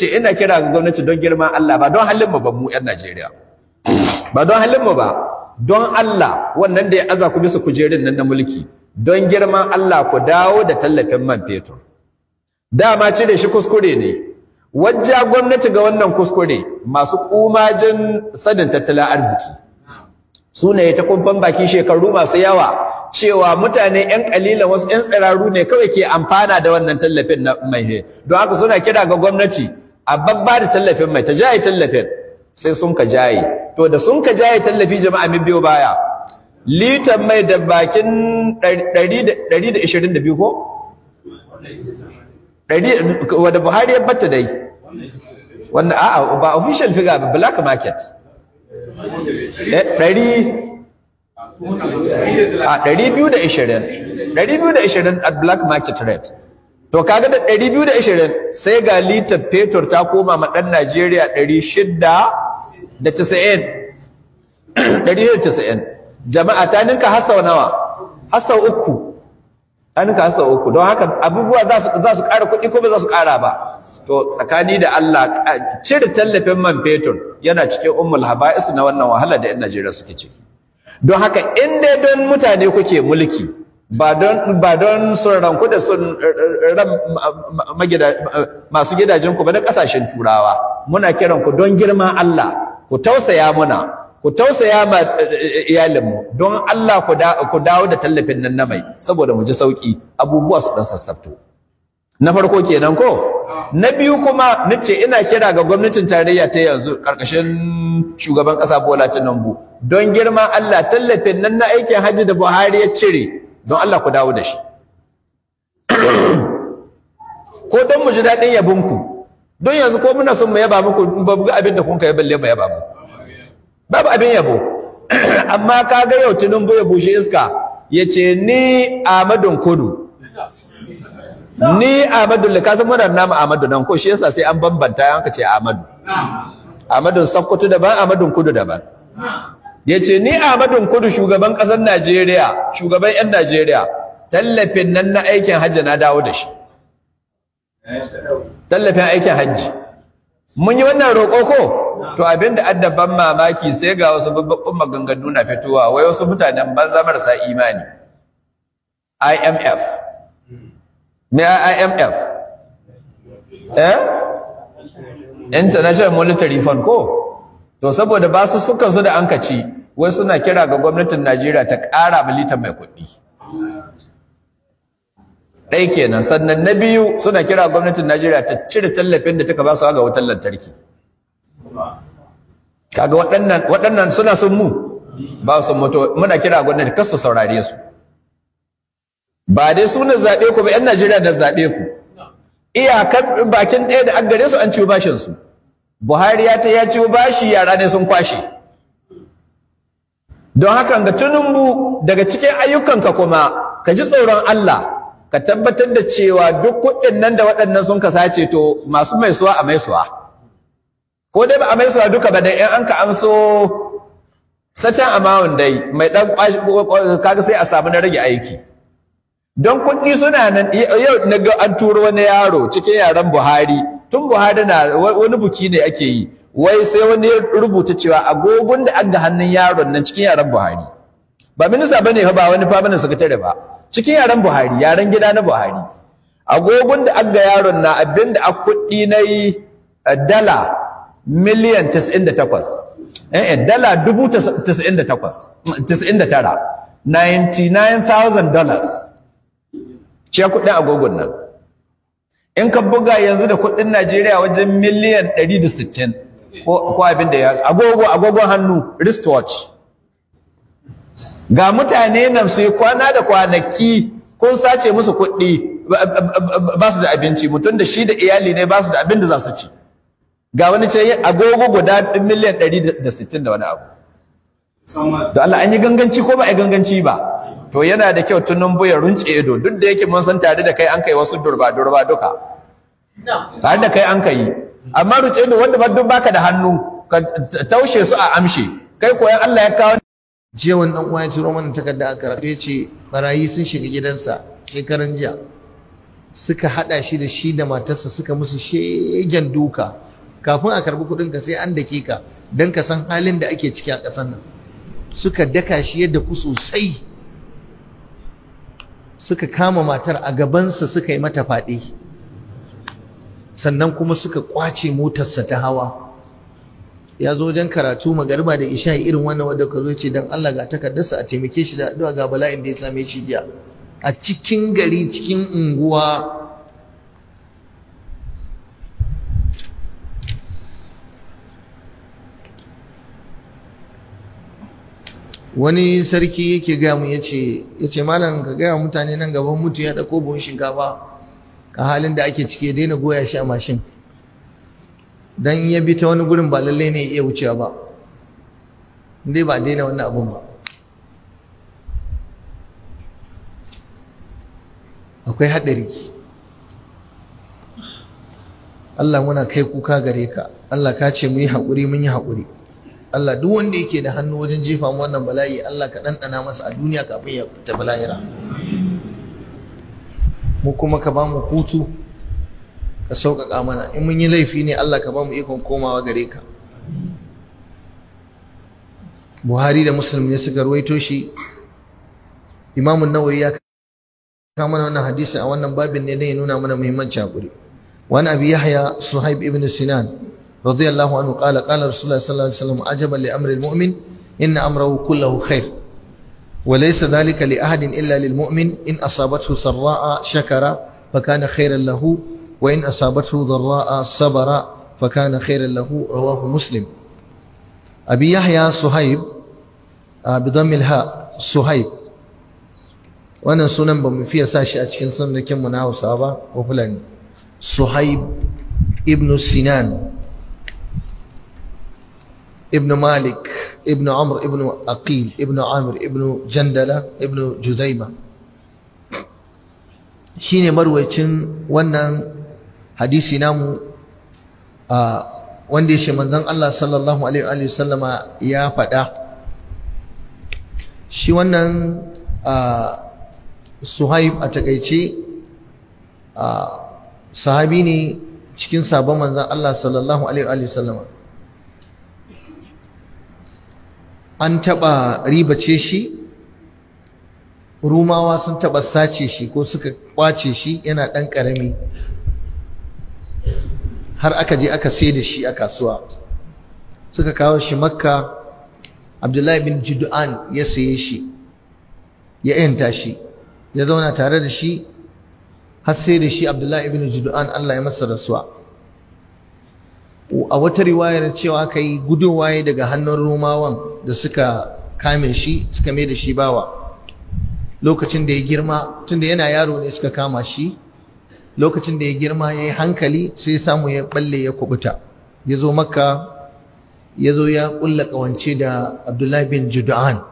ce ina kira ga gwamnati don girman Allah ba don halin mu ba mu ƴan Najeriya ba don halin mu ba don Allah wannan da ya aza ku bisa kujerin nan na mulki don girman Allah ku dawo da tallafin man fetur dama cire shi kuskure ne wajja gwamnati ga wannan kuskure masu kumajin sanin tattalin arziki su ne ta kumfan baki shekaru masu yawa cewa mutane 'yan kalilan wasu 'yan tsiraru ne kawai ke amfana da wannan tallafin na mai don haka suna kira ga gwamnati a babba da tallafin mai ta jaye tallafin sai sun ka jaye to da sun ka jaye tallafi jama'a min biyo baya litan mai da bakin 122 ko wadda buhari ya batta dai wanda a'a ba official figure ba black market 100 eh, a 220 220 at black market rate to kaga da 220 sai ga litar fetur ta koma ma dan Najeriya 690 190 jama'a ta ninka hasa nawa hasa uku ta ninka hasa uku don haka abubuwa za su za su ƙara kuɗi ko ba za su ƙara ba to tsakani da Allah cire tallafin man fetur yana cikin ummul haba'is na wannan wahala da 'yan Najeriya suke ciki don haka in dai don mutane kuke mulki ba don ba sun ranku da sun masu gidajen ku ba na kasashen turawa muna kiran ku don girma Allah ku tausaya muna ku tausaya ma eh, eh, iyalinmu don Allah ku dawo da tallafin nan na mai saboda mu ji sauki abubuwa su dan sassafto na farko kenan ko na biyu kuma nace ina kira ga gwamnatin tarayya ta yanzu karkashin shugaban kasa Bola Tinubu don girma Allah tallafin nan na aikin Hajji da Buhari ya cire don Allah ku dawo da shi ko don mu ji daɗin yabinku don yanzu ko muna son mu yaba muku babu abin da kun kai balle mu yaba babu abin yabo amma ka ga yau tunin ya bushe iska ya ce ni Ahmadun Kudu ni Ahmadu likasan muna namu Amadu nan ko shi yasa sai an bambanta an ka ce Ahmadu Ahmadun Sokoto daban Ahmadun Kudu daban ya ce ni ahmadun kudu shugaban ƙasar najeriya shugaban 'yan najeriya tallafin nan na aikin hajji na dawo da shi tallafin aikin hajji mun yi wannan roƙo ko to abin da addaban mamaki sai ga wasu babban maganganu na fitowa wai wasu mutanen banza marasa imani IMF me IMF eh International Monetary Fund ko to saboda ba su sukan su da an kaci, wai suna kira ga gwamnatin Najeriya ta ƙara ma mai kuɗi ɗai kenan sannan na biyu suna kira gwamnatin Najeriya ta cire tallafin da ta ba su ga wutar lantarki kaga waɗannan waɗannan suna sun mu ba su mutu muna kira gwamnati kar su saurare su ba dai su na zaɓe ku ba 'yan Najeriya da zaɓe ku iyakar bakin ɗaya da an gare su an ciwo bashin su Buhari ya ta ya ciwo bashi yara ne sun kwashe don haka, ga tunumbu daga cikin ayyukanka kuma ka ji tsoron Allah ka tabbatar da cewa duk kuɗin nan da waɗannan sun ka sace to masu suwa a mai suwa. ko dai ba a suwa duka ba da in an ka amso satan amount dai mai dan kaga sai a samu na rage aiki don kuɗi suna nan yau na ga an turo wani yaro cikin yaren Buhari tun buhari na wani buki ne ake yi wai sai wani ya rubuta cewa agogon da aga hannun yaron nan cikin yaran buhari ba minista ba ne ba wani famanin sakatare ba cikin yaran buhari yaran gida na buhari agogon da aga yaron na abin da a kuɗi na yi eh, dala miliyan 98 eh, eh dala nine thousand dollars ce kuɗin agogon nan in ka buga yanzu da kuɗin Najeriya wajen miliyan 160 ko abin da ya agogo agogon hannu wristwatch ga mutane nan su yi kwana da kwanaki kun sace musu kuɗi ba su da abinci mutum da shi da iyali ne ba su da abin da za su ci ga wani ce agogo guda miliyan 160 da wani abu da Allah an yi ganganci ko ba a yi ganganci ba to yana da kyau tunan buya, runce ido duk da yake mun san tare da kai an kai wasu durba durba duka tare da kai an kai amma runce ido wanda duk baka da hannu ka taushe su a amshe kai koyan Allah ya kawo jiya wani dan uwa ya ciro mana takarda a karatu ya ce barayi sun shiga gidansa shekaran jiya suka hada shi da shi da matarsa suka musu shegen duka kafin a karbi kuɗin ka sai an dake ka don ka san halin da ake ciki a ƙasar nan suka daka shi yadda ku sosai suka kama matar a gabansa suka yi mata faɗi sannan kuma suka kwace motarsa ta hawa ya zo wajen karatu magarba da isha irin wannan wadda ka zo ce don Allah ga takardarsa a taimake shi da addu'a ga bala'in da ya same shi jiya a cikin gari cikin unguwa wani sarki yake gaya mu yace yace malam ka gaya mutane nan gaban mutu ya dauko buhun shinkafa a halin da ake cike daina goya shi a mashin dan ya bi ta wani gurin ba lalle ne ya wucewa ba dai ba daina wannan abun ba akwai hadari. Allah muna kai kuka gare ka Allah ka ce mu yi haƙuri mun yi haƙuri Allah duk wanda yake da hannu wajen jefa mu wannan bala'i Allah ka ɗanɗana masa a duniya kafin ya ta balaira. mu kuma ka ba mu hutu ka sauƙaƙa mana in mun yi laifi ne Allah ka ba mu ikon komawa gare ka Buhari da Muslim ne suka ruwaito shi Imam Nawawi ya mana wannan hadisi a wannan babin ne ya nuna mana muhimmancin hakuri wani abi yahya suhaib ibn sinan رضي الله عنه قال قال رسول الله صلى الله عليه وسلم عجبا لأمر المؤمن إن أمره كله خير وليس ذلك لأحد إلا للمؤمن إن أصابته سراء شكر فكان خيرا له وإن أصابته ضراء صبر فكان خيرا له رواه مسلم أبي يحيى صهيب آه، بضم الهاء صهيب وأنا سنن بم في ساشي اشكن سنن كم مناو وفلان صهيب ابن سنان ابن مالك ابن عمرو ابن أقيل ابن عامر ابن جندلة ابن جزيمة شين مرويتين ونن حديثي نامو آه wanda ya ce manzon Allah sallallahu alaihi sallama ya faɗa shi wannan suhaib a takaice sahabi ne cikin sabon manzon Allah sallallahu alaihi sallama an taɓa ribace shi rumawa sun taɓa sace shi ko suka kwace shi yana ɗan ƙarami har aka je aka sai da shi a kasuwa suka kawo shi makka abdullahi bin Jidu'an ya saye shi ya yanta shi ya zauna tare da shi har sai da shi abdullahi bin jud'an allah ya masa rasuwa a wata riwayar cewa aka yi gudun waye daga hannun romawan da suka kame shi suka mai da shi bawa lokacin da ya girma tunda yana yaro ne suka kama shi lokacin da ya girma ya yi hankali sai samu ya balle ya kubuta ya zo makka ya zo ya ƙulla ƙawance da abdullahi bin judu'an